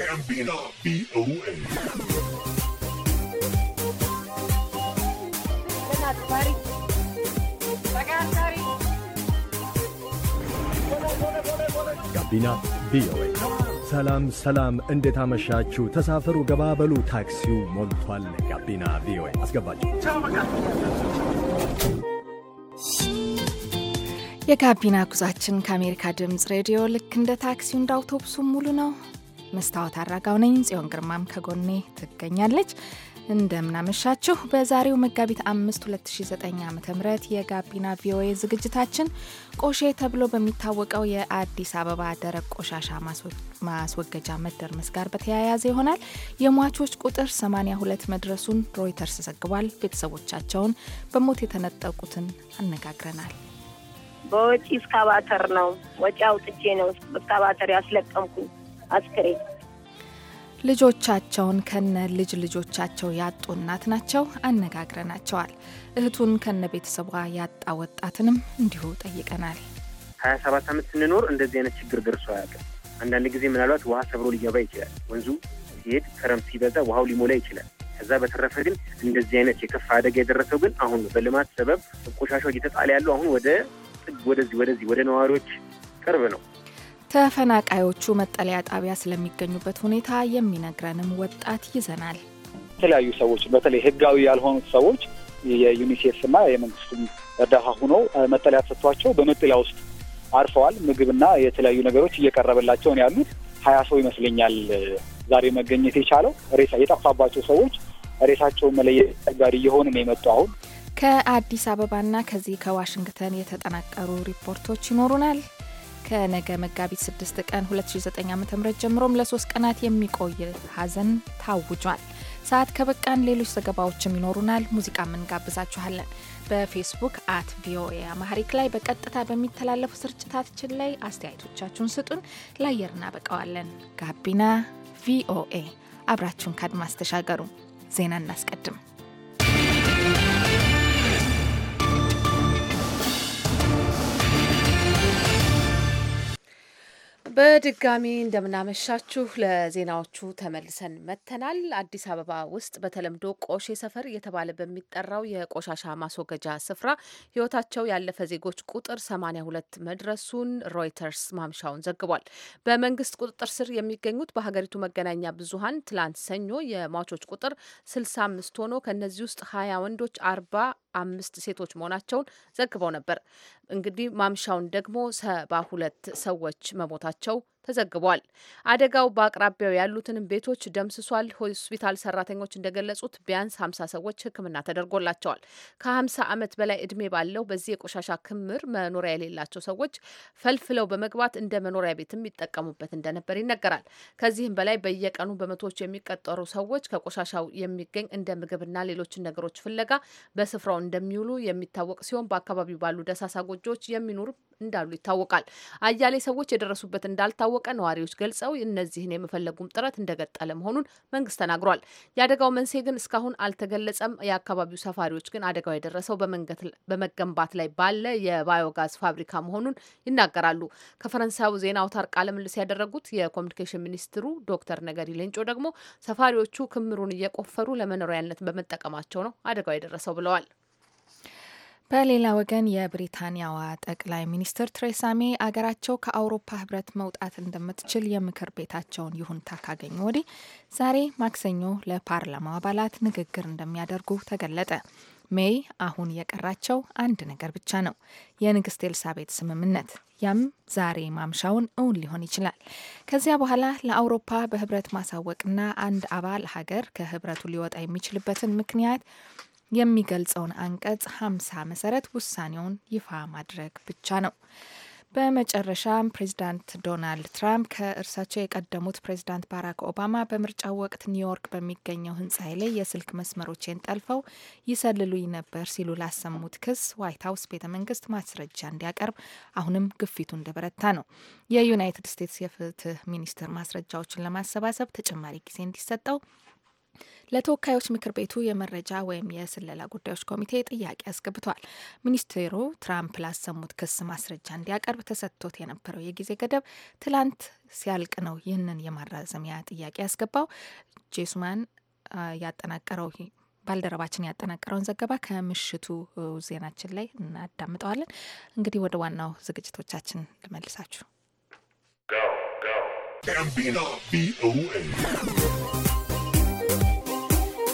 ጋቢና ቪኦኤ ጋቢና ቪኦኤ። ሰላም ሰላም፣ እንዴት አመሻችሁ? ተሳፈሩ፣ ገባበሉ፣ ታክሲው ሞልቷል። ጋቢና ቪኦኤ አስገባችሁ። የጋቢና ጉዛችን ከአሜሪካ ድምፅ ሬዲዮ ልክ እንደ ታክሲው እንደ አውቶቡሱ ሙሉ ነው። መስታወት አራጋው ነኝ። ጽዮን ግርማም ከጎኔ ትገኛለች። እንደምናመሻችሁ በዛሬው መጋቢት 5 2009 ዓ ም የጋቢና ቪኦኤ ዝግጅታችን ቆሼ ተብሎ በሚታወቀው የአዲስ አበባ ደረቅ ቆሻሻ ማስወገጃ መደርመስ ጋር በተያያዘ ይሆናል። የሟቾች ቁጥር 82 መድረሱን ሮይተርስ ዘግቧል። ቤተሰቦቻቸውን በሞት የተነጠቁትን አነጋግረናል። በወጪ እስካባተር ነው ወጪ አውጥቼ ነው እስካባተር ያስለቀምኩኝ አስክሬን ልጆቻቸውን ከነ ልጅ ልጆቻቸው ያጡ እናት ናቸው አነጋግረናቸዋል። እህቱን ከነ ቤተሰቧ ያጣ ወጣትንም እንዲሁ ጠይቀናል። ሀያ ሰባት ዓመት ስንኖር እንደዚህ አይነት ችግር ደርሶ አያውቅም። አንዳንድ ጊዜ ምናልባት ውሃ ሰብሮ ሊገባ ይችላል። ወንዙ ሲሄድ ከረም ሲበዛ ውሃው ሊሞላ ይችላል። ከዛ በተረፈ ግን እንደዚህ አይነት የከፋ አደጋ የደረሰው ግን አሁን በልማት ሰበብ ቆሻሻው እየተጣለ ያለው አሁን ወደ ጥግ ወደዚህ ወደዚህ ወደ ነዋሪዎች ቅርብ ነው። ተፈናቃዮቹ መጠለያ ጣቢያ ስለሚገኙበት ሁኔታ የሚነግረንም ወጣት ይዘናል። የተለያዩ ሰዎች በተለይ ህጋዊ ያልሆኑት ሰዎች የዩኒሴፍ የዩኒሴፍና የመንግስቱም እርዳታ ሆኖ መጠለያ ተሰጥቷቸው በመጠለያ ውስጥ አርፈዋል። ምግብና የተለያዩ ነገሮች እየቀረበላቸው ነው ያሉት። ሀያ ሰው ይመስለኛል ዛሬ መገኘት የቻለው ሬሳ የጠፋባቸው ሰዎች ሬሳቸውን መለየት ጋር እየሆኑ ነው የመጡ አሁን ከአዲስ አበባና ከዚህ ከዋሽንግተን የተጠናቀሩ ሪፖርቶች ይኖሩናል። ከነገ መጋቢት 6 ቀን 2009 ዓ ም ጀምሮም ለሶስት ቀናት የሚቆይ ሀዘን ታውጇል። ሰዓት ከበቃን ሌሎች ዘገባዎችም ይኖሩናል። ሙዚቃም እንጋብዛችኋለን። በፌስቡክ አት ቪኦኤ አማህሪክ ላይ በቀጥታ በሚተላለፉ ስርጭታችን ላይ አስተያየቶቻችሁን ስጡን፣ ለአየር እናበቀዋለን። ጋቢና ቪኦኤ አብራችሁን ከአድማስ ተሻገሩ። ዜና እናስቀድም። በድጋሚ እንደምናመሻችሁ ለዜናዎቹ ተመልሰን መጥተናል። አዲስ አበባ ውስጥ በተለምዶ ቆሼ ሰፈር እየተባለ በሚጠራው የቆሻሻ ማስወገጃ ስፍራ ሕይወታቸው ያለፈ ዜጎች ቁጥር 82 መድረሱን ሮይተርስ ማምሻውን ዘግቧል። በመንግስት ቁጥጥር ስር የሚገኙት በሀገሪቱ መገናኛ ብዙኃን ትላንት ሰኞ የሟቾች ቁጥር 65 ሆኖ ከእነዚህ ውስጥ 20 ወንዶች፣ አርባ አምስት ሴቶች መሆናቸውን ዘግበው ነበር። እንግዲህ ማምሻውን ደግሞ ሰባ ሁለት ሰዎች መሞታቸው Ciao ተዘግቧል። አደጋው በአቅራቢያው ያሉትንም ቤቶች ደምስሷል። ሆስፒታል ሰራተኞች እንደገለጹት ቢያንስ ሀምሳ ሰዎች ሕክምና ተደርጎላቸዋል። ከሀምሳ ዓመት በላይ እድሜ ባለው በዚህ የቆሻሻ ክምር መኖሪያ የሌላቸው ሰዎች ፈልፍለው በመግባት እንደ መኖሪያ ቤትም ይጠቀሙበት እንደነበር ይነገራል። ከዚህም በላይ በየቀኑ በመቶዎች የሚቀጠሩ ሰዎች ከቆሻሻው የሚገኝ እንደ ምግብና ሌሎችን ነገሮች ፍለጋ በስፍራው እንደሚውሉ የሚታወቅ ሲሆን በአካባቢው ባሉ ደሳሳ ጎጆዎች የሚኖሩ እንዳሉ ይታወቃል። አያሌ ሰዎች የደረሱበት እንዳልታ። እንዳልታወቀ ነዋሪዎች ገልጸው እነዚህን የመፈለጉም ጥረት እንደቀጠለ መሆኑን መንግስት ተናግሯል። የአደጋው መንስኤ ግን እስካሁን አልተገለጸም። የአካባቢው ሰፋሪዎች ግን አደጋው የደረሰው በመገንባት ላይ ባለ የባዮጋዝ ፋብሪካ መሆኑን ይናገራሉ። ከፈረንሳዩ ዜና አውታር ቃለ ያደረጉት የኮሚኒኬሽን ሚኒስትሩ ዶክተር ነገሪ ሌንጮ ደግሞ ሰፋሪዎቹ ክምሩን እየቆፈሩ ለመኖሪያነት በመጠቀማቸው ነው አደጋው የደረሰው ብለዋል። በሌላ ወገን የብሪታንያዋ ጠቅላይ ሚኒስትር ትሬሳ ሜይ አገራቸው ከአውሮፓ ህብረት መውጣት እንደምትችል የምክር ቤታቸውን ይሁንታ ካገኙ ወዲህ ዛሬ ማክሰኞ ለፓርላማው አባላት ንግግር እንደሚያደርጉ ተገለጠ። ሜይ አሁን የቀራቸው አንድ ነገር ብቻ ነው፣ የንግስት ኤልሳቤት ስምምነት። ያም ዛሬ ማምሻውን እውን ሊሆን ይችላል። ከዚያ በኋላ ለአውሮፓ በህብረት ማሳወቅና አንድ አባል ሀገር ከህብረቱ ሊወጣ የሚችልበትን ምክንያት የሚገልጸውን አንቀጽ 50 መሰረት ውሳኔውን ይፋ ማድረግ ብቻ ነው። በመጨረሻም ፕሬዚዳንት ዶናልድ ትራምፕ ከእርሳቸው የቀደሙት ፕሬዚዳንት ባራክ ኦባማ በምርጫው ወቅት ኒውዮርክ በሚገኘው ሕንፃ ላይ የስልክ መስመሮቼን ጠልፈው ይሰልሉኝ ነበር ሲሉ ላሰሙት ክስ ዋይት ሀውስ ቤተ መንግስት ማስረጃ እንዲያቀርብ አሁንም ግፊቱ እንደበረታ ነው። የዩናይትድ ስቴትስ የፍትህ ሚኒስትር ማስረጃዎችን ለማሰባሰብ ተጨማሪ ጊዜ እንዲሰጠው ለተወካዮች ምክር ቤቱ የመረጃ ወይም የስለላ ጉዳዮች ኮሚቴ ጥያቄ አስገብቷል። ሚኒስቴሩ ትራምፕ ላሰሙት ክስ ማስረጃ እንዲያቀርብ ተሰጥቶት የነበረው የጊዜ ገደብ ትላንት ሲያልቅ ነው ይህንን የማራዘሚያ ጥያቄ ያስገባው። ጄሱማን ያጠናቀረው ባልደረባችን ያጠናቀረውን ዘገባ ከምሽቱ ዜናችን ላይ እናዳምጠዋለን። እንግዲህ ወደ ዋናው ዝግጅቶቻችን ልመልሳችሁ።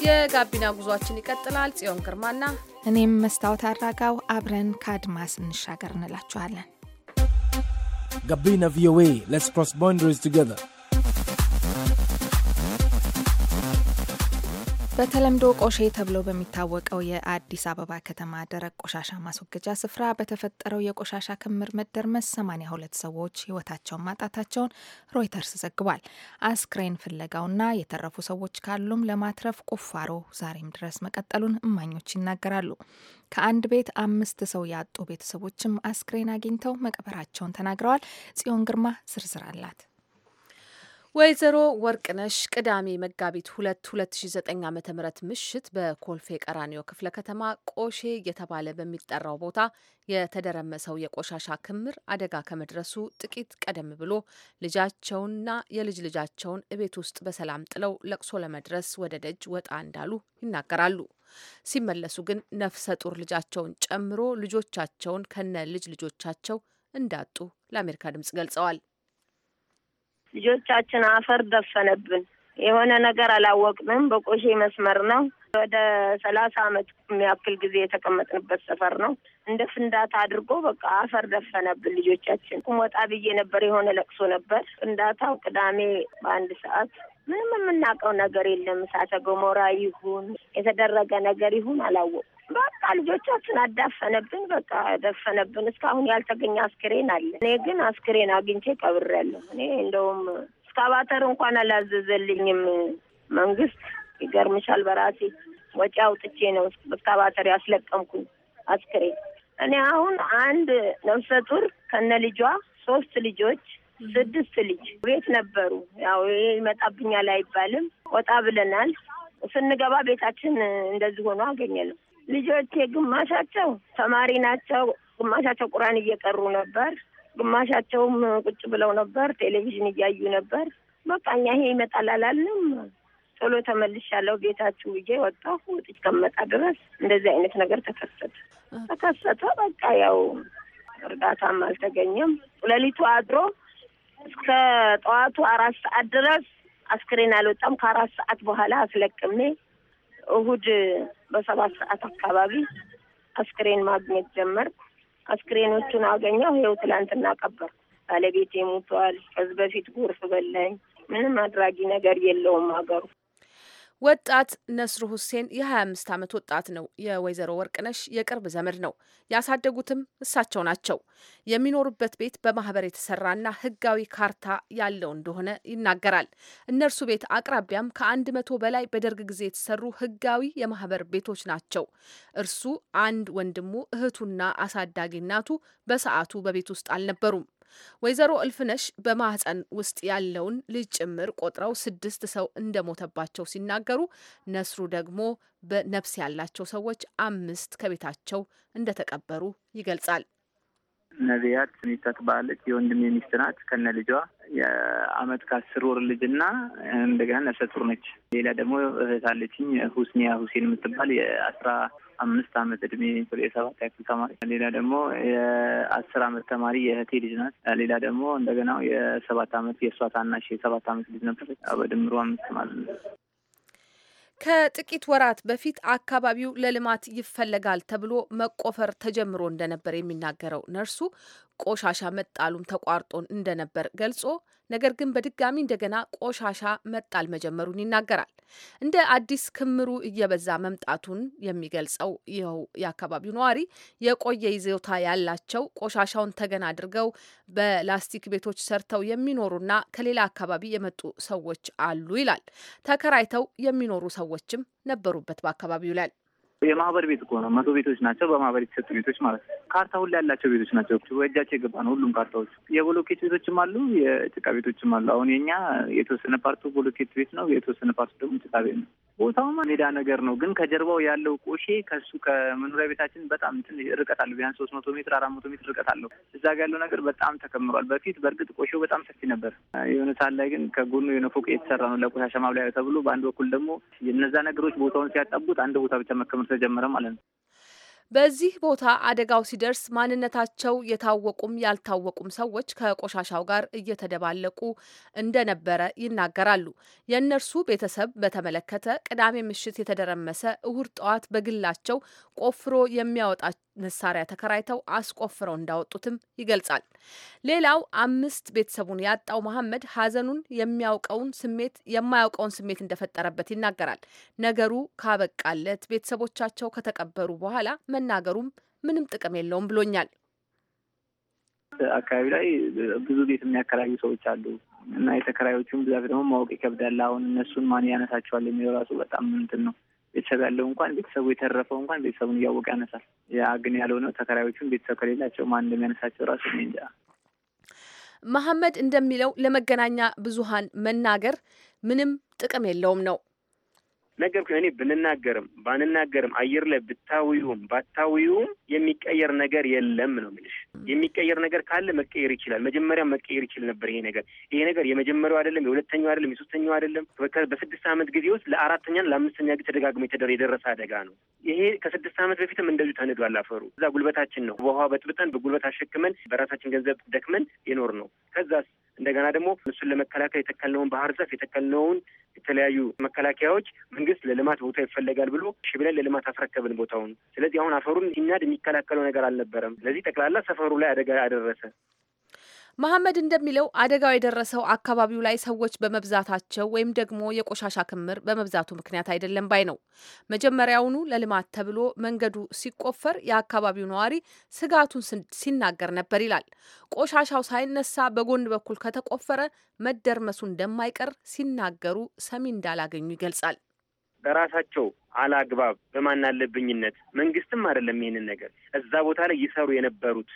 የጋቢና ጉዟችን ይቀጥላል። ጽዮን ግርማና እኔም መስታወት አራጋው አብረን ከአድማስ እንሻገር እንላችኋለን። ጋቢና ቪኦኤ ሌትስ ክሮስ ቦንደሪስ ቱጌዘር በተለምዶ ቆሼ ተብሎ በሚታወቀው የአዲስ አበባ ከተማ ደረቅ ቆሻሻ ማስወገጃ ስፍራ በተፈጠረው የቆሻሻ ክምር መደርመስ 82 ሰዎች ሕይወታቸውን ማጣታቸውን ሮይተርስ ዘግቧል። አስክሬን ፍለጋውና የተረፉ ሰዎች ካሉም ለማትረፍ ቁፋሮ ዛሬም ድረስ መቀጠሉን እማኞች ይናገራሉ። ከአንድ ቤት አምስት ሰው ያጡ ቤተሰቦችም አስክሬን አግኝተው መቅበራቸውን ተናግረዋል። ጽዮን ግርማ ዝርዝር አላት። ወይዘሮ ወርቅነሽ ቅዳሜ መጋቢት ሁለት ሁለት ሺ ዘጠኝ ዓመተ ምህረት ምሽት በኮልፌ ቀራኒዮ ክፍለ ከተማ ቆሼ እየተባለ በሚጠራው ቦታ የተደረመሰው የቆሻሻ ክምር አደጋ ከመድረሱ ጥቂት ቀደም ብሎ ልጃቸውንና የልጅ ልጃቸውን እቤት ውስጥ በሰላም ጥለው ለቅሶ ለመድረስ ወደ ደጅ ወጣ እንዳሉ ይናገራሉ። ሲመለሱ ግን ነፍሰ ጡር ልጃቸውን ጨምሮ ልጆቻቸውን ከነ ልጅ ልጆቻቸው እንዳጡ ለአሜሪካ ድምጽ ገልጸዋል። ልጆቻችን አፈር ደፈነብን። የሆነ ነገር አላወቅንም። በቆሼ መስመር ነው። ወደ ሰላሳ አመት የሚያክል ጊዜ የተቀመጥንበት ሰፈር ነው። እንደ ፍንዳታ አድርጎ በቃ አፈር ደፈነብን ልጆቻችን። ቁሞጣ ብዬ ነበር። የሆነ ለቅሶ ነበር። ፍንዳታው ቅዳሜ በአንድ ሰዓት ምንም የምናውቀው ነገር የለም። እሳተ ገሞራ ይሁን የተደረገ ነገር ይሁን አላወቁ በቃ ልጆቻችን አዳፈነብን። በቃ ደፈነብን። እስካሁን ያልተገኘ አስክሬን አለ። እኔ ግን አስክሬን አግኝቼ ቀብሬያለሁ። እኔ እንደውም እስካባተር እንኳን አላዘዘልኝም መንግስት። ይገርምሻል በራሴ ወጪ አውጥቼ ነው እስካባተር ያስለቀምኩኝ አስክሬን። እኔ አሁን አንድ ነፍሰ ጡር ከነ ልጇ ሶስት ልጆች ስድስት ልጅ ቤት ነበሩ። ያው ይመጣብኛል አይባልም። ወጣ ብለናል። ስንገባ ቤታችን እንደዚህ ሆኖ አገኘ ነው ልጆቼ ግማሻቸው ተማሪ ናቸው፣ ግማሻቸው ቁርአን እየቀሩ ነበር፣ ግማሻቸውም ቁጭ ብለው ነበር፣ ቴሌቪዥን እያዩ ነበር። በቃ እኛ ይሄ ይመጣል አላልንም። ቶሎ ተመልሻለሁ ቤታችሁ ብዬ ወጣሁ። ውጥጭ ከመጣ ድረስ እንደዚህ አይነት ነገር ተከሰተ ተከሰተ። በቃ ያው እርዳታም አልተገኘም። ሌሊቱ አድሮ እስከ ጠዋቱ አራት ሰዓት ድረስ አስክሬን አልወጣም። ከአራት ሰዓት በኋላ አስለቅሜ እሁድ በሰባት ሰዓት አካባቢ አስክሬን ማግኘት ጀመርኩ። አስክሬኖቹን አገኘሁ። ይኸው ትላንትና ቀበር ባለቤቴ ሞቷል። ከዚህ በፊት ጎርፍ በላኝ። ምንም አድራጊ ነገር የለውም ሀገሩ ወጣት ነስሩ ሁሴን የ25 ዓመት ወጣት ነው። የወይዘሮ ወርቅነሽ የቅርብ ዘመድ ነው። ያሳደጉትም እሳቸው ናቸው። የሚኖሩበት ቤት በማህበር የተሰራና ህጋዊ ካርታ ያለው እንደሆነ ይናገራል። እነርሱ ቤት አቅራቢያም ከአንድ መቶ በላይ በደርግ ጊዜ የተሰሩ ህጋዊ የማህበር ቤቶች ናቸው። እርሱ፣ አንድ ወንድሙ፣ እህቱና አሳዳጊ እናቱ በሰዓቱ በቤት ውስጥ አልነበሩም። ወይዘሮ እልፍነሽ በማህፀን ውስጥ ያለውን ልጅ ጭምር ቆጥረው ስድስት ሰው እንደሞተባቸው ሲናገሩ፣ ነስሩ ደግሞ በነፍስ ያላቸው ሰዎች አምስት ከቤታቸው እንደተቀበሩ ይገልጻል። ነቢያት ሚስት ትባላለች። የወንድሜ ሚስት ናት ከነ ልጇ የአመት ከአስር ወር ልጅና እንደገና ነፍሰ ጡር ነች። ሌላ ደግሞ እህት አለችኝ ሁስኒያ ሁሴን የምትባል የአስራ አምስት አመት እድሜ የሰባት ያክል ተማሪ፣ ሌላ ደግሞ የአስር አመት ተማሪ የእህቴ ልጅ ናት። ሌላ ደግሞ እንደገና የሰባት አመት የእሷ ታናሽ የሰባት አመት ልጅ ነበር። በድምሩ አምስት ማለት ነው። ከጥቂት ወራት በፊት አካባቢው ለልማት ይፈለጋል ተብሎ መቆፈር ተጀምሮ እንደነበር የሚናገረው ነርሱ ቆሻሻ መጣሉም ተቋርጦ እንደነበር ገልጾ ነገር ግን በድጋሚ እንደገና ቆሻሻ መጣል መጀመሩን ይናገራል። እንደ አዲስ ክምሩ እየበዛ መምጣቱን የሚገልጸው ይኸው የአካባቢው ነዋሪ የቆየ ይዞታ ያላቸው ቆሻሻውን ተገና አድርገው በላስቲክ ቤቶች ሰርተው የሚኖሩና ከሌላ አካባቢ የመጡ ሰዎች አሉ ይላል። ተከራይተው የሚኖሩ ሰዎችም ነበሩበት በአካባቢው ይላል። የማህበር ቤት እኮ ነው። መቶ ቤቶች ናቸው በማህበር የተሰጡ ቤቶች ማለት ነው። ካርታ ሁሉ ያላቸው ቤቶች ናቸው። በእጃቸው የገባ ነው ሁሉም ካርታዎች። የቦሎኬት ቤቶችም አሉ፣ የጭቃ ቤቶችም አሉ። አሁን የኛ የተወሰነ ፓርቱ ቦሎኬት ቤት ነው፣ የተወሰነ ፓርቱ ደግሞ ጭቃ ቤት ነው። ቦታውም ሜዳ ነገር ነው፣ ግን ከጀርባው ያለው ቆሼ ከሱ ከመኖሪያ ቤታችን በጣም ትንሽ ርቀት አለው። ቢያንስ ሶስት መቶ ሜትር አራት መቶ ሜትር ርቀት አለው። እዛ ጋ ያለው ነገር በጣም ተከምሯል። በፊት በእርግጥ ቆሼው በጣም ሰፊ ነበር። የሆነ ሰዓት ላይ ግን ከጎኑ የሆነ ፎቅ የተሰራ ነው ለቆሻሻ ማብላያ ተብሎ፣ በአንድ በኩል ደግሞ እነዛ ነገሮች ቦታውን ሲያጣቡት አንድ ቦታ ብቻ መከመር ተጀመረ ማለት ነው። በዚህ ቦታ አደጋው ሲደርስ ማንነታቸው የታወቁም ያልታወቁም ሰዎች ከቆሻሻው ጋር እየተደባለቁ እንደነበረ ይናገራሉ። የእነርሱ ቤተሰብ በተመለከተ ቅዳሜ ምሽት የተደረመሰ እሁድ ጠዋት በግላቸው ቆፍሮ የሚያወጣ መሳሪያ ተከራይተው አስቆፍረው እንዳወጡትም ይገልጻል። ሌላው አምስት ቤተሰቡን ያጣው መሐመድ ሀዘኑን የሚያውቀውን ስሜት የማያውቀውን ስሜት እንደፈጠረበት ይናገራል። ነገሩ ካበቃለት ቤተሰቦቻቸው ከተቀበሩ በኋላ መናገሩም ምንም ጥቅም የለውም ብሎኛል። አካባቢ ላይ ብዙ ቤት የሚያከራዩ ሰዎች አሉ እና የተከራዮቹን ብዛት ደግሞ ማወቅ ይከብዳል። አሁን እነሱን ማን ያነሳቸዋል የሚለው ራሱ በጣም ምንትን ነው። ቤተሰብ ያለው እንኳን ቤተሰቡ የተረፈው እንኳን ቤተሰቡን እያወቀ ያነሳል። ያ ግን ነው። ተከራዮቹን ቤተሰብ ከሌላቸው ማን እንደሚያነሳቸው ራሱ እንጃ። መሐመድ እንደሚለው ለመገናኛ ብዙሃን መናገር ምንም ጥቅም የለውም ነው። ነገር ግን እኔ ብንናገርም ባንናገርም አየር ላይ ብታውዩም ባታዊውም የሚቀየር ነገር የለም ነው የምልሽ። የሚቀየር ነገር ካለ መቀየር ይችላል። መጀመሪያ መቀየር ይችል ነበር። ይሄ ነገር ይሄ ነገር የመጀመሪያው አይደለም፣ የሁለተኛው አይደለም፣ የሶስተኛው አይደለም። በስድስት ዓመት ጊዜ ውስጥ ለአራተኛና ለአምስተኛ ጊዜ ተደጋግሞ የደረሰ አደጋ ነው። ይሄ ከስድስት ዓመት በፊትም እንደዚሁ ተንዷል አፈሩ። እዛ ጉልበታችን ነው በውሃ በጥብጠን በጉልበት አሸክመን በራሳችን ገንዘብ ደክመን የኖር ነው ከዛ እንደገና ደግሞ እሱን ለመከላከል የተከልነውን ባህር ዛፍ የተከልነውን የተለያዩ መከላከያዎች መንግስት ለልማት ቦታ ይፈለጋል ብሎ እሺ ብለን ለልማት አስረከብን ቦታውን። ስለዚህ አሁን አፈሩን ሲናድ የሚከላከለው ነገር አልነበረም። ስለዚህ ጠቅላላ ሰፈሩ ላይ አደጋ አደረሰ። መሐመድ እንደሚለው አደጋው የደረሰው አካባቢው ላይ ሰዎች በመብዛታቸው ወይም ደግሞ የቆሻሻ ክምር በመብዛቱ ምክንያት አይደለም ባይ ነው። መጀመሪያውኑ ለልማት ተብሎ መንገዱ ሲቆፈር የአካባቢው ነዋሪ ስጋቱን ሲናገር ነበር ይላል። ቆሻሻው ሳይነሳ በጎን በኩል ከተቆፈረ መደርመሱ እንደማይቀር ሲናገሩ ሰሚ እንዳላገኙ ይገልጻል። በራሳቸው አላግባብ በማናለብኝነት መንግስትም አይደለም ይህንን ነገር እዛ ቦታ ላይ ይሰሩ የነበሩት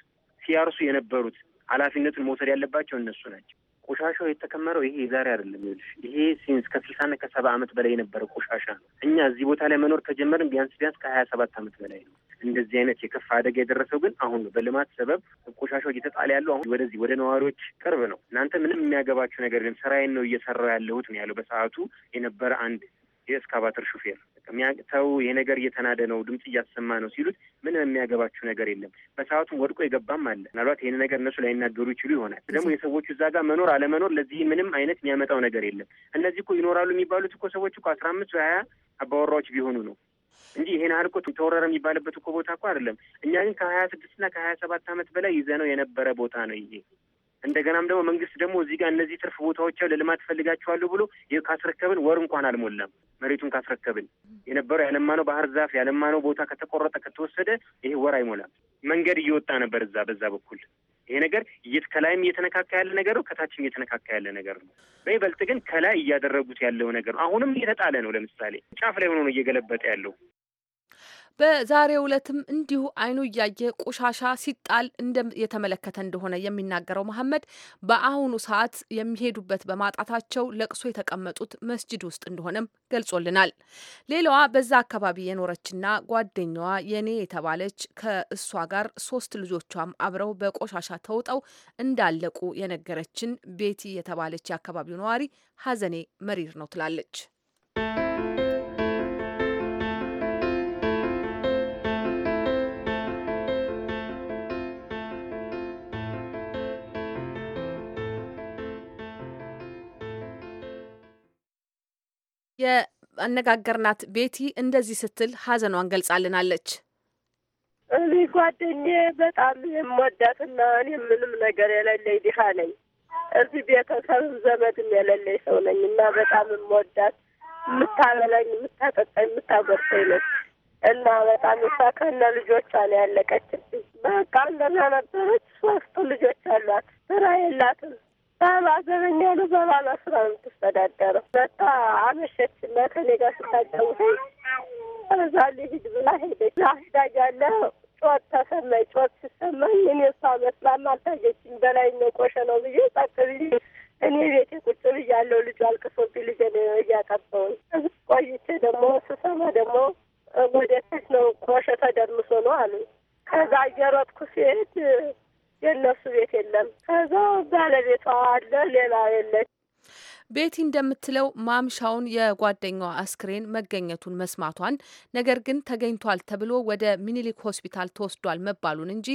ሲያርሱ የነበሩት ኃላፊነቱን መውሰድ ያለባቸው እነሱ ናቸው። ቆሻሻው የተከመረው ይሄ የዛሬ አይደለም። ይኸውልሽ ይሄ ሲንስ ከስልሳና ከሰባ ዓመት በላይ የነበረ ቆሻሻ ነው። እኛ እዚህ ቦታ ላይ መኖር ከጀመርን ቢያንስ ቢያንስ ከሀያ ሰባት ዓመት በላይ ነው። እንደዚህ አይነት የከፋ አደጋ የደረሰው ግን አሁን ነው። በልማት ሰበብ ቆሻሻው እየተጣለ ያለው አሁን ወደዚህ ወደ ነዋሪዎች ቅርብ ነው። እናንተ ምንም የሚያገባችሁ ነገር የለም፣ ስራዬን ነው እየሰራው ያለሁት ነው ያለው በሰዓቱ የነበረ አንድ የእስካቫተር ሹፌር ተው፣ ይሄ ነገር እየተናደ ነው፣ ድምፅ እያሰማ ነው ሲሉት ምንም የሚያገባችው ነገር የለም። በሰዓቱ ወድቆ የገባም አለ። ምናልባት ይህን ነገር እነሱ ላይናገሩ ይችሉ ይሆናል። ደግሞ የሰዎቹ እዛ ጋር መኖር አለመኖር ለዚህ ምንም አይነት የሚያመጣው ነገር የለም። እነዚህ እኮ ይኖራሉ የሚባሉት እኮ ሰዎች እኮ አስራ አምስት ሀያ አባወራዎች ቢሆኑ ነው እንጂ ይሄን አልኮ ተወረረ የሚባልበት እኮ ቦታ እኮ አይደለም። እኛ ግን ከሀያ ስድስት እና ከሀያ ሰባት ዓመት በላይ ይዘነው የነበረ ቦታ ነው ይሄ እንደገናም ደግሞ መንግስት ደግሞ እዚህ ጋር እነዚህ ትርፍ ቦታዎች ለልማት ፈልጋችኋለሁ ብሎ ይህ ካስረከብን ወር እንኳን አልሞላም። መሬቱን ካስረከብን የነበረው ያለማነው ባህር ዛፍ ያለማነው ቦታ ከተቆረጠ ከተወሰደ ይሄ ወር አይሞላም። መንገድ እየወጣ ነበር እዛ በዛ በኩል ይሄ ነገር ከላይም እየተነካካ ያለ ነገር ነው፣ ከታችም እየተነካካ ያለ ነገር ነው። በይበልጥ ግን ከላይ እያደረጉት ያለው ነገር ነው። አሁንም እየተጣለ ነው። ለምሳሌ ጫፍ ላይ ሆኖ ነው እየገለበጠ ያለው በዛሬው ዕለትም እንዲሁ አይኑ እያየ ቆሻሻ ሲጣል የተመለከተ እንደሆነ የሚናገረው መሐመድ በአሁኑ ሰዓት የሚሄዱበት በማጣታቸው ለቅሶ የተቀመጡት መስጅድ ውስጥ እንደሆነም ገልጾልናል። ሌላዋ በዛ አካባቢ የኖረችና ጓደኛዋ የኔ የተባለች ከእሷ ጋር ሶስት ልጆቿም አብረው በቆሻሻ ተውጠው እንዳለቁ የነገረችን ቤቲ የተባለች የአካባቢው ነዋሪ ሀዘኔ መሪር ነው ትላለች። የአነጋገርናት ቤቲ እንደዚህ ስትል ሀዘኗን ገልጻልናለች። እዚህ ጓደኛዬ በጣም የምወዳትና እኔ ምንም ነገር የሌለኝ ድሃ ነኝ። እዚህ ቤተሰብም ዘመድም የሌለኝ ሰው ነኝ እና በጣም የምወዳት የምታበላኝ፣ የምታጠጣኝ፣ የምታጎርሰኝ ነች እና በጣም እሷ ከነ ልጆቿ ነው ያለቀችብኝ። በቃ እንደዛ ነበረች። ሶስቱ ልጆች አሏት። ስራ የላትም። በባዘበኝ ያሉ በባሏ ስራ ነው የምትስተዳደረው። መታ አመሸች መከሌ ጋር ስታጫውተኝ እዛ ሂድ ብላ ሄደች። ሂዳ እያለ ጮት ተሰማኝ። ጮት ሲሰማኝ እኔ እሷ መስላም አልታየችኝ። በላይ ነው ቆሸ ነው ብዬ ጸጥ ብዬ እኔ ቤቴ ቁጭ ብያለሁ። ልጁ አልቅሶብኝ ልጄ እያጠባሁኝ ቆይቼ ደግሞ ስሰማ ደግሞ ወደ ታች ነው ቆሸ ተደርምሶ ነው አሉ። ከዛ እየሮጥኩ ሲሄድ የእነሱ ቤት የለም። ከዛ ባለቤቷ አለ፣ ሌላ የለች። ቤቲ እንደምትለው ማምሻውን የጓደኛዋ አስክሬን መገኘቱን መስማቷን ነገር ግን ተገኝቷል ተብሎ ወደ ሚኒሊክ ሆስፒታል ተወስዷል መባሉን እንጂ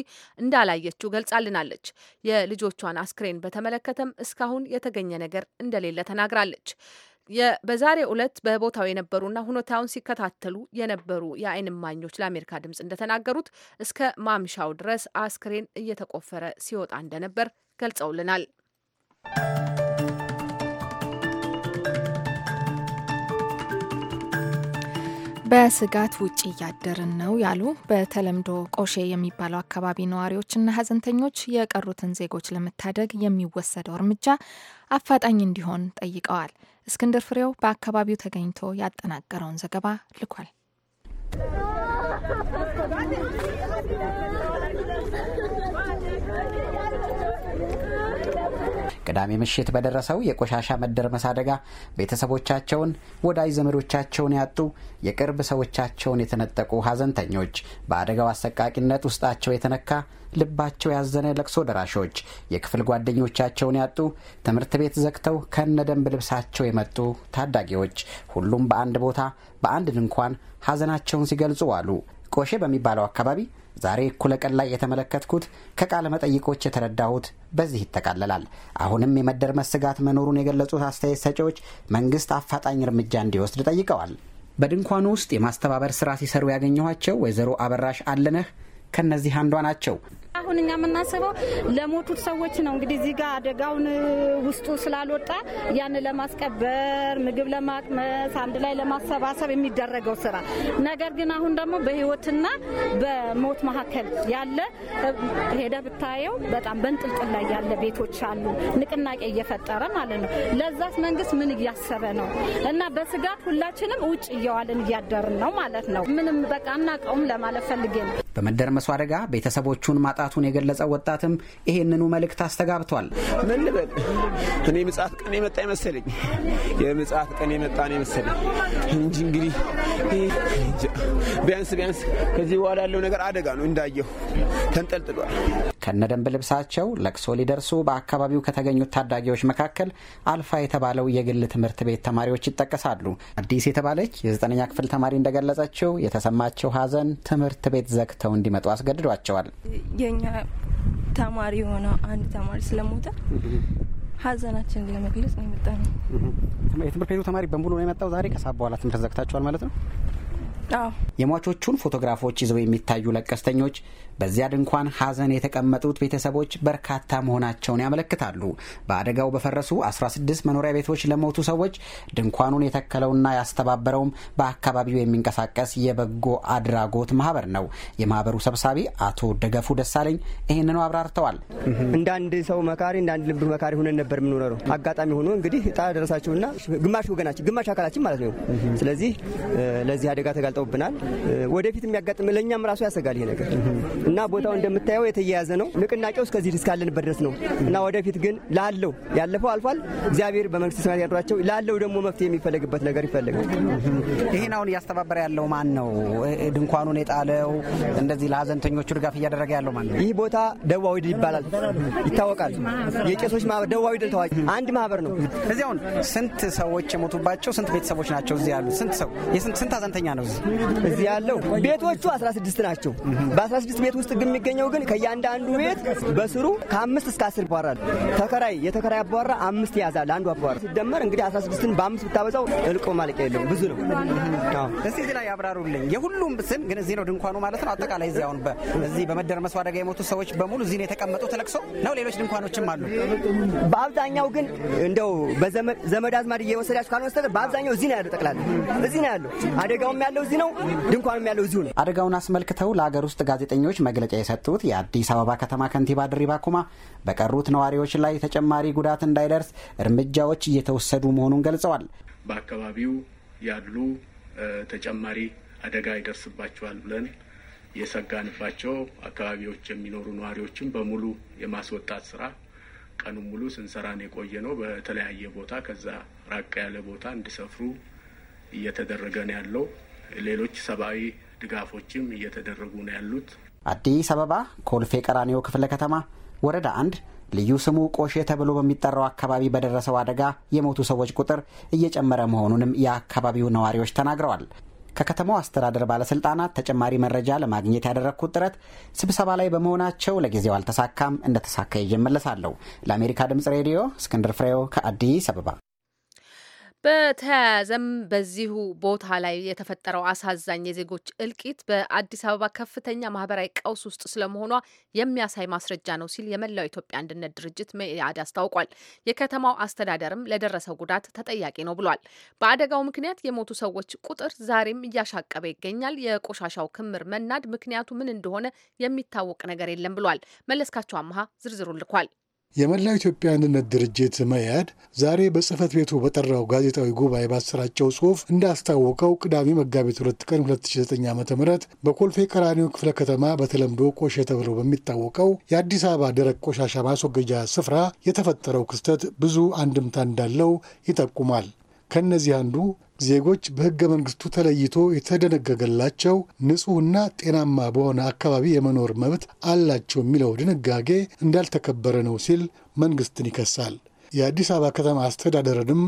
እንዳላየችው ገልጻልናለች። የልጆቿን አስክሬን በተመለከተም እስካሁን የተገኘ ነገር እንደሌለ ተናግራለች። በዛሬ ዕለት በቦታው የነበሩና ሁኔታውን ሲከታተሉ የነበሩ የዓይን ማኞች ለአሜሪካ ድምጽ እንደተናገሩት እስከ ማምሻው ድረስ አስክሬን እየተቆፈረ ሲወጣ እንደነበር ገልጸውልናል። በስጋት ውጭ እያደርን ነው ያሉ በተለምዶ ቆሼ የሚባለው አካባቢ ነዋሪዎችና ሀዘንተኞች የቀሩትን ዜጎች ለመታደግ የሚወሰደው እርምጃ አፋጣኝ እንዲሆን ጠይቀዋል። እስክንድር ፍሬው በአካባቢው ተገኝቶ ያጠናቀረውን ዘገባ ልኳል። ቅዳሜ ምሽት በደረሰው የቆሻሻ መደርመስ አደጋ ቤተሰቦቻቸውን፣ ወዳጅ ዘመዶቻቸውን ያጡ፣ የቅርብ ሰዎቻቸውን የተነጠቁ ሀዘንተኞች፣ በአደጋው አሰቃቂነት ውስጣቸው የተነካ ልባቸው ያዘነ ለቅሶ ደራሾች፣ የክፍል ጓደኞቻቸውን ያጡ፣ ትምህርት ቤት ዘግተው ከነ ደንብ ልብሳቸው የመጡ ታዳጊዎች፣ ሁሉም በአንድ ቦታ በአንድ ድንኳን ሀዘናቸውን ሲገልጹ አሉ። ቆሼ በሚባለው አካባቢ ዛሬ እኩለ ቀን ላይ የተመለከትኩት ከቃለ መጠይቆች የተረዳሁት በዚህ ይጠቃለላል። አሁንም የመደርመስ ስጋት መኖሩን የገለጹት አስተያየት ሰጪዎች መንግስት አፋጣኝ እርምጃ እንዲወስድ ጠይቀዋል። በድንኳኑ ውስጥ የማስተባበር ስራ ሲሰሩ ያገኘኋቸው ወይዘሮ አበራሽ አለነህ ከእነዚህ አንዷ ናቸው። አሁን እኛ የምናስበው ለሞቱት ሰዎች ነው። እንግዲህ እዚህ ጋር አደጋውን ውስጡ ስላልወጣ ያን ለማስቀበር ምግብ ለማቅመስ አንድ ላይ ለማሰባሰብ የሚደረገው ስራ ነገር ግን አሁን ደግሞ በህይወትና በሞት መካከል ያለ ሄደ ብታየው በጣም በንጥልጥል ላይ ያለ ቤቶች አሉ። ንቅናቄ እየፈጠረ ማለት ነው። ለዛስ መንግስት ምን እያሰበ ነው? እና በስጋት ሁላችንም ውጭ እየዋልን እያደርን ነው ማለት ነው። ምንም በቃ እናቀውም ለማለት ፈልጌ ነው። በመደርመሱ አደጋ ቤተሰቦቹን ማጣቱን የገለጸው ወጣትም ይሄንኑ መልእክት አስተጋብቷል። ምን ልበል እኔ ምጽአት ቀን የመጣ ይመሰለኝ የምጽአት ቀን የመጣ ነው ይመሰለኝ እንጂ እንግዲህ ቢያንስ ቢያንስ ከዚህ በኋላ ያለው ነገር አደጋ ነው እንዳየሁ ተንጠልጥሏል። ከነደንብ ልብሳቸው ለቅሶ ሊደርሱ በአካባቢው ከተገኙት ታዳጊዎች መካከል አልፋ የተባለው የግል ትምህርት ቤት ተማሪዎች ይጠቀሳሉ። አዲስ የተባለች የዘጠነኛ ክፍል ተማሪ እንደገለጸችው የተሰማቸው ሀዘን ትምህርት ቤት ዘግተ ተጠርተው እንዲመጡ አስገድዷቸዋል። የኛ ተማሪ የሆነ አንድ ተማሪ ስለሞተ ሀዘናችንን ለመግለጽ ነው የመጣ ነው። የትምህርት ቤቱ ተማሪ በሙሉ ነው የመጣው ዛሬ። ከሰዓት በኋላ ትምህርት ዘግታችኋል ማለት ነው? የሟቾቹን ፎቶግራፎች ይዘው የሚታዩ ለቀስተኞች በዚያ ድንኳን ሐዘን የተቀመጡት ቤተሰቦች በርካታ መሆናቸውን ያመለክታሉ። በአደጋው በፈረሱ 16 መኖሪያ ቤቶች ለሞቱ ሰዎች ድንኳኑን የተከለውና ያስተባበረውም በአካባቢው የሚንቀሳቀስ የበጎ አድራጎት ማህበር ነው። የማህበሩ ሰብሳቢ አቶ ደገፉ ደሳለኝ ይህንኑ አብራርተዋል። እንደ አንድ ሰው መካሪ፣ እንዳንድ ልብ መካሪ ሆነን ነበር የምንኖረው። አጋጣሚ ሆኖ እንግዲህ ጣ ደረሳችሁና ግማሽ ወገናችን ግማሽ አካላችን ማለት ነው። ስለዚህ ለዚህ አደጋ ተጋርጠውብናል። ወደፊት የሚያጋጥም ለእኛም ራሱ ያሰጋል ይሄ ነገር እና ቦታው እንደምታየው የተያያዘ ነው። ንቅናቄው እስከዚህ እስካለንበት ድረስ ነው እና ወደፊት ግን ላለው ያለፈው አልፏል። እግዚአብሔር በመንግስት ስራት ያድሯቸው። ላለው ደግሞ መፍትሄ የሚፈለግበት ነገር ይፈለጋል። ይህን አሁን እያስተባበረ ያለው ማን ነው? ድንኳኑን የጣለው እንደዚህ ለሀዘንተኞቹ ድጋፍ እያደረገ ያለው ማን ነው? ይህ ቦታ ደዋዊ ድል ይባላል፣ ይታወቃል። የቄሶች ማህበር ድል ታዋቂ አንድ ማህበር ነው። አሁን ስንት ሰዎች የሞቱባቸው ስንት ቤተሰቦች ናቸው እዚህ ያሉ? ስንት ሰው ስንት ሀዘንተኛ ነው እዚህ? እዚህ ያለው ቤቶቹ 16 ናቸው። በ16 ቤት ውስጥ ግን የሚገኘው ግን ከእያንዳንዱ ቤት በስሩ ከአምስት እስከ አስር ይባራል። ተከራይ የተከራይ አባወራ አምስት ያዛል። አንዱ አባወራ ሲደመር እንግዲህ 16ን በአምስት ብታበዛው እልቆ ማለቂያ የለው ብዙ ነው። እስቲ እዚህ ላይ ያብራሩልኝ። የሁሉም ስም ግን እዚህ ነው ድንኳኑ ማለት ነው። አጠቃላይ እዚህ አሁን እዚህ በመደርመሱ አደጋ የሞቱ ሰዎች በሙሉ እዚህ ነው የተቀመጡ ተለቅሶ ነው። ሌሎች ድንኳኖችም አሉ። በአብዛኛው ግን እንደው በዘመድ አዝማድ እየወሰዳችሁ ካልሆነ በአብዛኛው እዚህ ነው ያለው። ጠቅላላ እዚህ ነው ያለው። አደጋውም ያለው እዚህ ነው፣ ድንኳንም ያለው እዚሁ ነው። አደጋውን አስመልክተው ለሀገር ውስጥ ጋዜጠኞች መግለጫ የሰጡት የአዲስ አበባ ከተማ ከንቲባ ድሪባ ኩማ በቀሩት ነዋሪዎች ላይ ተጨማሪ ጉዳት እንዳይደርስ እርምጃዎች እየተወሰዱ መሆኑን ገልጸዋል። በአካባቢው ያሉ ተጨማሪ አደጋ ይደርስባቸዋል ብለን የሰጋንባቸው አካባቢዎች የሚኖሩ ነዋሪዎችን በሙሉ የማስወጣት ስራ ቀኑ ሙሉ ስንሰራን የቆየ ነው። በተለያየ ቦታ ከዛ ራቅ ያለ ቦታ እንዲሰፍሩ እየተደረገ ነው ያለው። ሌሎች ሰብአዊ ድጋፎችም እየተደረጉ ነው ያሉት። አዲስ አበባ ኮልፌ ቀራኒዮ ክፍለ ከተማ ወረዳ አንድ ልዩ ስሙ ቆሼ ተብሎ በሚጠራው አካባቢ በደረሰው አደጋ የሞቱ ሰዎች ቁጥር እየጨመረ መሆኑንም የአካባቢው ነዋሪዎች ተናግረዋል። ከከተማው አስተዳደር ባለስልጣናት ተጨማሪ መረጃ ለማግኘት ያደረግኩት ጥረት ስብሰባ ላይ በመሆናቸው ለጊዜው አልተሳካም። እንደተሳካ ይዤ እመለሳለሁ። ለአሜሪካ ድምጽ ሬዲዮ እስክንድር ፍሬው ከአዲስ አበባ በተያያዘም በዚሁ ቦታ ላይ የተፈጠረው አሳዛኝ የዜጎች እልቂት በአዲስ አበባ ከፍተኛ ማህበራዊ ቀውስ ውስጥ ስለመሆኗ የሚያሳይ ማስረጃ ነው ሲል የመላው ኢትዮጵያ አንድነት ድርጅት መኢአድ አስታውቋል። የከተማው አስተዳደርም ለደረሰው ጉዳት ተጠያቂ ነው ብሏል። በአደጋው ምክንያት የሞቱ ሰዎች ቁጥር ዛሬም እያሻቀበ ይገኛል። የቆሻሻው ክምር መናድ ምክንያቱ ምን እንደሆነ የሚታወቅ ነገር የለም ብሏል። መለስካቸው አመሃ ዝርዝሩ ልኳል። የመላው ኢትዮጵያ አንድነት ድርጅት መኢአድ ዛሬ በጽህፈት ቤቱ በጠራው ጋዜጣዊ ጉባኤ ባሰራጨው ጽሑፍ እንዳስታወቀው ቅዳሜ መጋቢት ሁለት ቀን 2009 ዓ ም በኮልፌ ቀራኒዮ ክፍለ ከተማ በተለምዶ ቆሼ ተብሎ በሚታወቀው የአዲስ አበባ ደረቅ ቆሻሻ ማስወገጃ ስፍራ የተፈጠረው ክስተት ብዙ አንድምታ እንዳለው ይጠቁማል። ከእነዚህ አንዱ ዜጎች በሕገ መንግስቱ ተለይቶ የተደነገገላቸው ንጹሕና ጤናማ በሆነ አካባቢ የመኖር መብት አላቸው የሚለው ድንጋጌ እንዳልተከበረ ነው ሲል መንግስትን ይከሳል። የአዲስ አበባ ከተማ አስተዳደርንም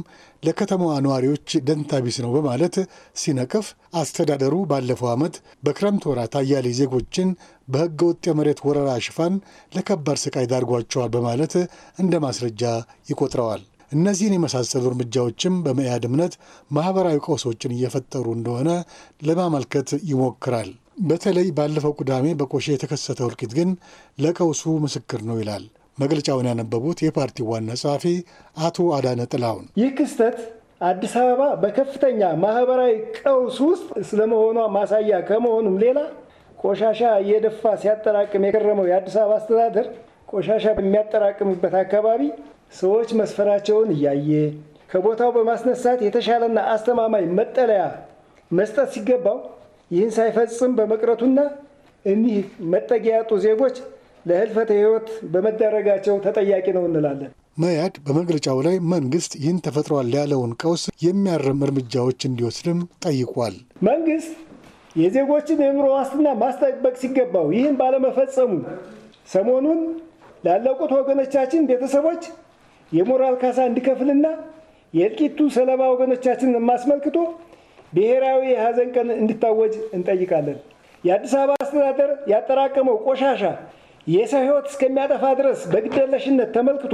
ለከተማዋ ነዋሪዎች ደንታቢስ ነው በማለት ሲነቅፍ አስተዳደሩ ባለፈው ዓመት በክረምት ወራት አያሌ ዜጎችን በሕገ ወጥ የመሬት ወረራ ሽፋን ለከባድ ስቃይ ዳርጓቸዋል በማለት እንደ ማስረጃ ይቆጥረዋል። እነዚህን የመሳሰሉ እርምጃዎችም በመያድ እምነት ማህበራዊ ቀውሶችን እየፈጠሩ እንደሆነ ለማመልከት ይሞክራል። በተለይ ባለፈው ቅዳሜ በቆሼ የተከሰተው እልቂት ግን ለቀውሱ ምስክር ነው ይላል። መግለጫውን ያነበቡት የፓርቲው ዋና ጸሐፊ አቶ አዳነ ጥላውን ይህ ክስተት አዲስ አበባ በከፍተኛ ማህበራዊ ቀውስ ውስጥ ስለመሆኗ ማሳያ ከመሆኑም ሌላ ቆሻሻ እየደፋ ሲያጠራቅም የከረመው የአዲስ አበባ አስተዳደር ቆሻሻ በሚያጠራቅምበት አካባቢ ሰዎች መስፈራቸውን እያየ ከቦታው በማስነሳት የተሻለና አስተማማኝ መጠለያ መስጠት ሲገባው ይህን ሳይፈጽም በመቅረቱና እኒህ መጠጊያ ያጡ ዜጎች ለህልፈተ ህይወት በመዳረጋቸው ተጠያቂ ነው እንላለን። መያድ በመግለጫው ላይ መንግስት ይህን ተፈጥሯል ያለውን ቀውስ የሚያርም እርምጃዎች እንዲወስድም ጠይቋል። መንግስት የዜጎችን የኑሮ ዋስትና ማስጠበቅ ሲገባው ይህን ባለመፈጸሙ ሰሞኑን ላለቁት ወገኖቻችን ቤተሰቦች የሞራል ካሳ እንዲከፍልና የእልቂቱ ሰለባ ወገኖቻችንን ማስመልክቶ ብሔራዊ የሐዘን ቀን እንዲታወጅ እንጠይቃለን። የአዲስ አበባ አስተዳደር ያጠራቀመው ቆሻሻ የሰው ሕይወት እስከሚያጠፋ ድረስ በግደለሽነት ተመልክቶ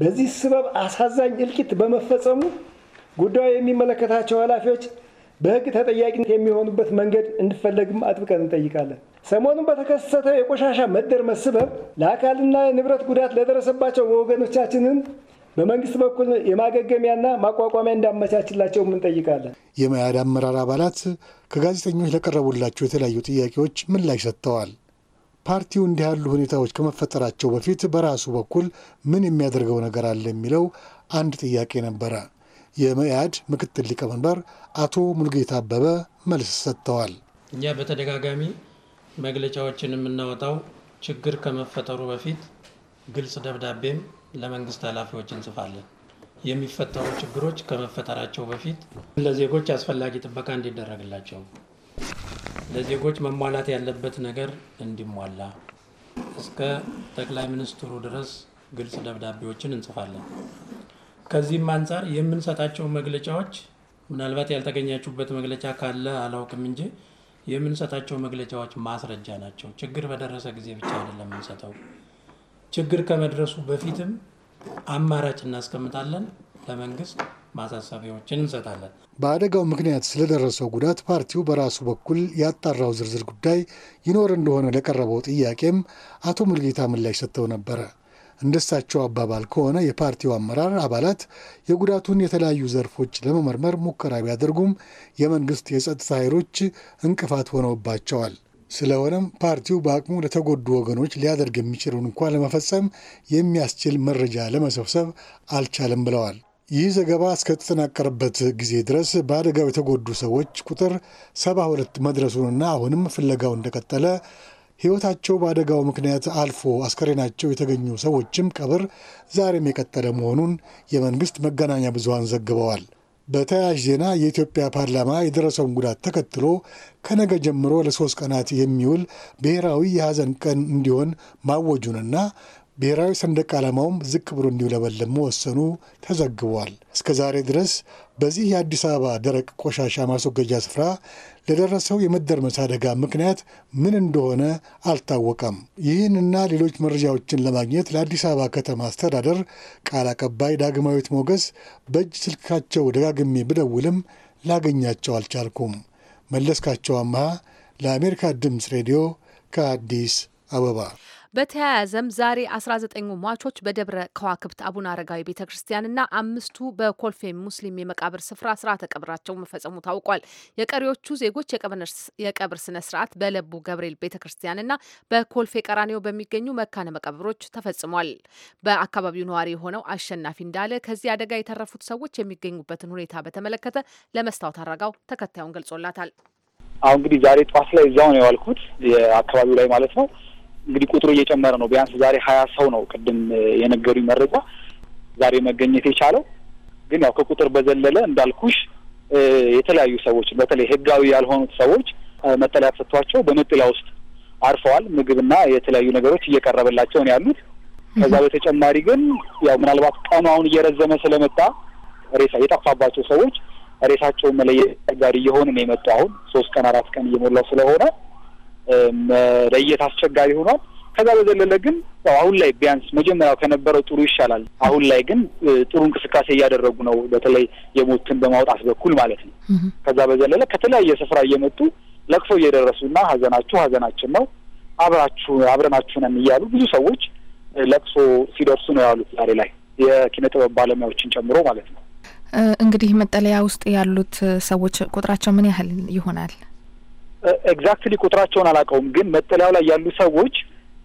በዚህ ስበብ አሳዛኝ እልቂት በመፈጸሙ ጉዳዩ የሚመለከታቸው ኃላፊዎች በሕግ ተጠያቂነት የሚሆኑበት መንገድ እንዲፈለግም አጥብቀን እንጠይቃለን። ሰሞኑን በተከሰተው የቆሻሻ መደርመስ ስበብ ለአካልና የንብረት ጉዳት ለደረሰባቸው ወገኖቻችንን በመንግስት በኩል የማገገሚያና ማቋቋሚያ እንዳመቻችላቸው እንጠይቃለን። የመያድ አመራር አባላት ከጋዜጠኞች ለቀረቡላቸው የተለያዩ ጥያቄዎች ምላሽ ሰጥተዋል። ፓርቲው እንዲህ ያሉ ሁኔታዎች ከመፈጠራቸው በፊት በራሱ በኩል ምን የሚያደርገው ነገር አለ የሚለው አንድ ጥያቄ ነበረ። የመያድ ምክትል ሊቀመንበር አቶ ሙልጌታ አበበ መልስ ሰጥተዋል። እኛ በተደጋጋሚ መግለጫዎችን የምናወጣው ችግር ከመፈጠሩ በፊት ግልጽ ደብዳቤም ለመንግስት ኃላፊዎች እንጽፋለን። የሚፈጠሩ ችግሮች ከመፈጠራቸው በፊት ለዜጎች አስፈላጊ ጥበቃ እንዲደረግላቸው፣ ለዜጎች መሟላት ያለበት ነገር እንዲሟላ እስከ ጠቅላይ ሚኒስትሩ ድረስ ግልጽ ደብዳቤዎችን እንጽፋለን። ከዚህም አንጻር የምንሰጣቸው መግለጫዎች ምናልባት ያልተገኛችሁበት መግለጫ ካለ አላውቅም እንጂ የምንሰጣቸው መግለጫዎች ማስረጃ ናቸው። ችግር በደረሰ ጊዜ ብቻ አይደለም የምንሰጠው። ችግር ከመድረሱ በፊትም አማራጭ እናስቀምጣለን፣ ለመንግስት ማሳሰቢያዎችን እንሰጣለን። በአደጋው ምክንያት ስለደረሰው ጉዳት ፓርቲው በራሱ በኩል ያጣራው ዝርዝር ጉዳይ ይኖር እንደሆነ ለቀረበው ጥያቄም አቶ ሙልጌታ ምላሽ ሰጥተው ነበረ። እንደሳቸው አባባል ከሆነ የፓርቲው አመራር አባላት የጉዳቱን የተለያዩ ዘርፎች ለመመርመር ሙከራ ቢያደርጉም የመንግስት የጸጥታ ኃይሎች እንቅፋት ሆነውባቸዋል። ስለሆነም ፓርቲው በአቅሙ ለተጎዱ ወገኖች ሊያደርግ የሚችለውን እንኳ ለመፈጸም የሚያስችል መረጃ ለመሰብሰብ አልቻለም ብለዋል። ይህ ዘገባ እስከተጠናቀረበት ጊዜ ድረስ በአደጋው የተጎዱ ሰዎች ቁጥር 72 መድረሱንና አሁንም ፍለጋው እንደቀጠለ ሕይወታቸው በአደጋው ምክንያት አልፎ አስከሬናቸው የተገኙ ሰዎችም ቀብር ዛሬም የቀጠለ መሆኑን የመንግሥት መገናኛ ብዙሃን ዘግበዋል። በተያያዥ ዜና የኢትዮጵያ ፓርላማ የደረሰውን ጉዳት ተከትሎ ከነገ ጀምሮ ለሶስት ቀናት የሚውል ብሔራዊ የሐዘን ቀን እንዲሆን ማወጁንና ብሔራዊ ሰንደቅ ዓላማውም ዝቅ ብሎ እንዲውለበለም መወሰኑ ተዘግቧል። እስከ ዛሬ ድረስ በዚህ የአዲስ አበባ ደረቅ ቆሻሻ ማስወገጃ ስፍራ ለደረሰው የመደርመስ አደጋ ምክንያት ምን እንደሆነ አልታወቀም። ይህንና ሌሎች መረጃዎችን ለማግኘት ለአዲስ አበባ ከተማ አስተዳደር ቃል አቀባይ ዳግማዊት ሞገስ በእጅ ስልካቸው ደጋግሜ ብደውልም ላገኛቸው አልቻልኩም። መለስካቸው አመሃ ለአሜሪካ ድምፅ ሬዲዮ ከአዲስ አበባ በተያያዘም ዛሬ 19 ሟቾች በደብረ ከዋክብት አቡነ አረጋዊ ቤተ ክርስቲያንና አምስቱ በኮልፌ ሙስሊም የመቃብር ስፍራ ስርዓተ ቀብራቸው መፈጸሙ ታውቋል። የቀሪዎቹ ዜጎች የቀብር ስነ ስርዓት በለቡ ገብርኤል ቤተ ክርስቲያንና በኮልፌ ቀራኔው በሚገኙ መካነ መቃብሮች ተፈጽሟል። በአካባቢው ነዋሪ የሆነው አሸናፊ እንዳለ ከዚህ አደጋ የተረፉት ሰዎች የሚገኙበትን ሁኔታ በተመለከተ ለመስታወት አረጋው ተከታዩን ገልጾላታል። አሁን እንግዲህ ዛሬ ጠዋት ላይ እዛው ነው የዋልኩት የአካባቢው ላይ ማለት ነው እንግዲህ ቁጥሩ እየጨመረ ነው። ቢያንስ ዛሬ ሀያ ሰው ነው ቅድም የነገሩ መረጃ ዛሬ መገኘት የቻለው ግን ያው ከቁጥር በዘለለ እንዳልኩሽ የተለያዩ ሰዎች በተለይ ህጋዊ ያልሆኑት ሰዎች መጠለያ ተሰጥቷቸው በመጠለያ ውስጥ አርፈዋል። ምግብና የተለያዩ ነገሮች እየቀረበላቸው ነው ያሉት። ከዛ በተጨማሪ ግን ያው ምናልባት ቀኑ አሁን እየረዘመ ስለመጣ ሬሳ የጠፋባቸው ሰዎች ሬሳቸውን መለየት ጋር እየሆን ነው የመጡ አሁን ሶስት ቀን አራት ቀን እየሞላው ስለሆነ መለየት አስቸጋሪ ሆኗል። ከዛ በዘለለ ግን አሁን ላይ ቢያንስ መጀመሪያው ከነበረው ጥሩ ይሻላል። አሁን ላይ ግን ጥሩ እንቅስቃሴ እያደረጉ ነው፣ በተለይ የሞትን በማውጣት በኩል ማለት ነው። ከዛ በዘለለ ከተለያየ ስፍራ እየመጡ ለቅሶ እየደረሱና ሀዘናችሁ ሀዘናችን ነው አብራችሁ አብረናችሁ ነን እያሉ ብዙ ሰዎች ለቅሶ ሲደርሱ ነው ያሉት ዛሬ ላይ የኪነ ጥበብ ባለሙያዎችን ጨምሮ ማለት ነው። እንግዲህ መጠለያ ውስጥ ያሉት ሰዎች ቁጥራቸው ምን ያህል ይሆናል? ኤግዛክትሊ ቁጥራቸውን አላውቀውም፣ ግን መጠለያው ላይ ያሉ ሰዎች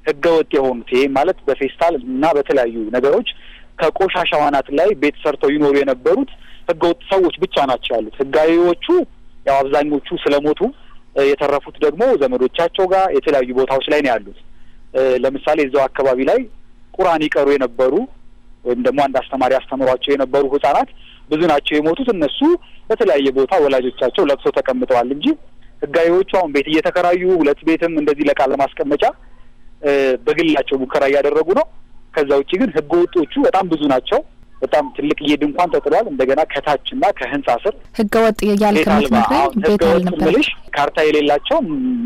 ህገወጥ የሆኑት ይሄ ማለት በፌስታል እና በተለያዩ ነገሮች ከቆሻሻ ዋናት ላይ ቤት ሰርተው ይኖሩ የነበሩት ህገወጥ ሰዎች ብቻ ናቸው ያሉት። ህጋዊዎቹ ያው አብዛኞቹ ስለሞቱ የተረፉት ደግሞ ዘመዶቻቸው ጋር የተለያዩ ቦታዎች ላይ ነው ያሉት። ለምሳሌ እዛው አካባቢ ላይ ቁርአን ይቀሩ የነበሩ ወይም ደግሞ አንድ አስተማሪ አስተምሯቸው የነበሩ ህጻናት ብዙ ናቸው የሞቱት። እነሱ በተለያየ ቦታ ወላጆቻቸው ለቅሶ ተቀምጠዋል እንጂ ህጋዊዎቹ አሁን ቤት እየተከራዩ ሁለት ቤትም እንደዚህ ለቃል ለማስቀመጫ በግላቸው ሙከራ እያደረጉ ነው። ከዛ ውጭ ግን ህገ ወጦቹ በጣም ብዙ ናቸው። በጣም ትልቅ ድንኳን ተጥሏል። እንደገና ከታችና ከህንፃ ስር ህገ ወጥ ያልከመት ቤት ካርታ የሌላቸው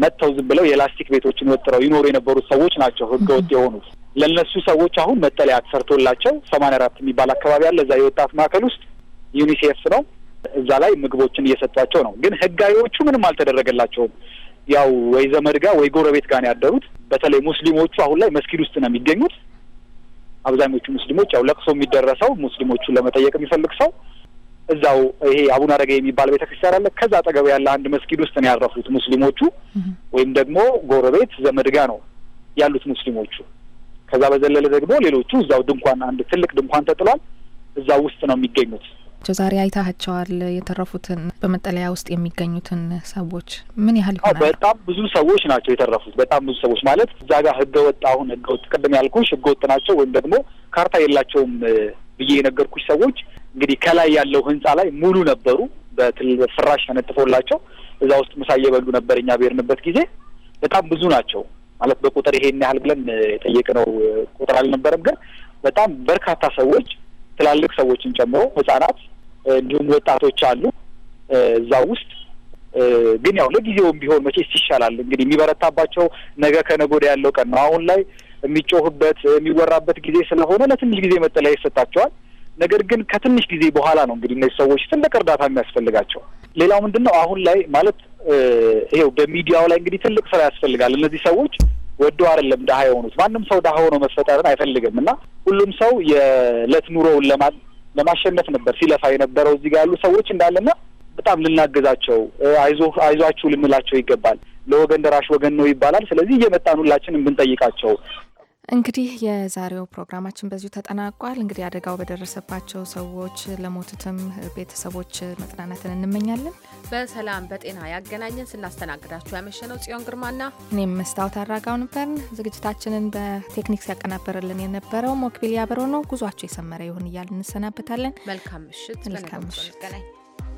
መጥተው ዝም ብለው የላስቲክ ቤቶችን ወጥረው ይኖሩ የነበሩት ሰዎች ናቸው ህገ ወጥ የሆኑት። ለነሱ ሰዎች አሁን መጠለያ ተሰርቶላቸው ሰማንያ አራት የሚባል አካባቢ አለ እዛ የወጣት ማዕከል ውስጥ ዩኒሴፍ ነው እዛ ላይ ምግቦችን እየሰጧቸው ነው። ግን ህጋዊዎቹ ምንም አልተደረገላቸውም። ያው ወይ ዘመድ ጋር ወይ ጎረቤት ጋር ነው ያደሩት። በተለይ ሙስሊሞቹ አሁን ላይ መስጊድ ውስጥ ነው የሚገኙት። አብዛኞቹ ሙስሊሞች ያው ለቅሶ የሚደረሰው ሙስሊሞቹን ለመጠየቅ የሚፈልግ ሰው እዛው ይሄ አቡነ አረገ የሚባል ቤተ ክርስቲያን አለ። ከዛ አጠገብ ያለ አንድ መስጊድ ውስጥ ነው ያረፉት ሙስሊሞቹ። ወይም ደግሞ ጎረቤት ዘመድ ጋ ነው ያሉት ሙስሊሞቹ። ከዛ በዘለለ ደግሞ ሌሎቹ እዛው ድንኳን፣ አንድ ትልቅ ድንኳን ተጥሏል። እዛ ውስጥ ነው የሚገኙት። ናቸው። ዛሬ አይታቸዋል የተረፉትን በመጠለያ ውስጥ የሚገኙትን ሰዎች ምን ያህል ይሆናል? በጣም ብዙ ሰዎች ናቸው የተረፉት። በጣም ብዙ ሰዎች ማለት እዛ ጋር ህገወጥ አሁን ህገወጥ ቅድም ያልኩሽ ህገወጥ ናቸው ወይም ደግሞ ካርታ የላቸውም ብዬ የነገርኩሽ ሰዎች እንግዲህ ከላይ ያለው ህንጻ ላይ ሙሉ ነበሩ። በትል ፍራሽ ተነጥፎላቸው እዛ ውስጥ ምሳ እየበሉ ነበር። እኛ ብሄርንበት ጊዜ በጣም ብዙ ናቸው ማለት በቁጥር ይሄን ያህል ብለን የጠየቅነው ቁጥር አልነበረም፣ ግን በጣም በርካታ ሰዎች ትላልቅ ሰዎችን ጨምሮ ህጻናት እንዲሁም ወጣቶች አሉ እዛ ውስጥ ግን ያው ለጊዜውም ቢሆን መቼስ ይሻላል እንግዲህ የሚበረታባቸው ነገ ከነገ ወዲያ ያለው ቀን ነው። አሁን ላይ የሚጮህበት የሚወራበት ጊዜ ስለሆነ ለትንሽ ጊዜ መጠለያ ይሰጣቸዋል። ነገር ግን ከትንሽ ጊዜ በኋላ ነው እንግዲህ እነዚህ ሰዎች ትልቅ እርዳታ የሚያስፈልጋቸው። ሌላው ምንድን ነው አሁን ላይ ማለት ይኸው በሚዲያው ላይ እንግዲህ ትልቅ ስራ ያስፈልጋል። እነዚህ ሰዎች ወዶ አይደለም ድሀ የሆኑት። ማንም ሰው ድሀ ሆኖ መፈጠርን አይፈልግም እና ሁሉም ሰው የዕለት ኑሮውን ለማ ለማሸነፍ ነበር ሲለፋ የነበረው እዚህ ጋር ያሉ ሰዎች እንዳለና በጣም ልናገዛቸው አይዞ አይዟችሁ ልንላቸው ይገባል። ለወገን ደራሽ ወገን ነው ይባላል። ስለዚህ እየመጣን ሁላችን ብንጠይቃቸው እንግዲህ የዛሬው ፕሮግራማችን በዚሁ ተጠናቋል። እንግዲህ አደጋው በደረሰባቸው ሰዎች ለሞቱትም ቤተሰቦች መጽናናትን እንመኛለን። በሰላም በጤና ያገናኘን። ስናስተናግዳችሁ ያመሸነው ጽዮን ግርማና እኔም መስታወት አራጋው ነበርን። ዝግጅታችንን በቴክኒክ ሲያቀናበርልን የነበረው ሞክቢል ያበሮ ነው። ጉዟቸው የሰመረ ይሁን እያል እንሰናበታለን። መልካም ምሽት። መልካም ምሽት።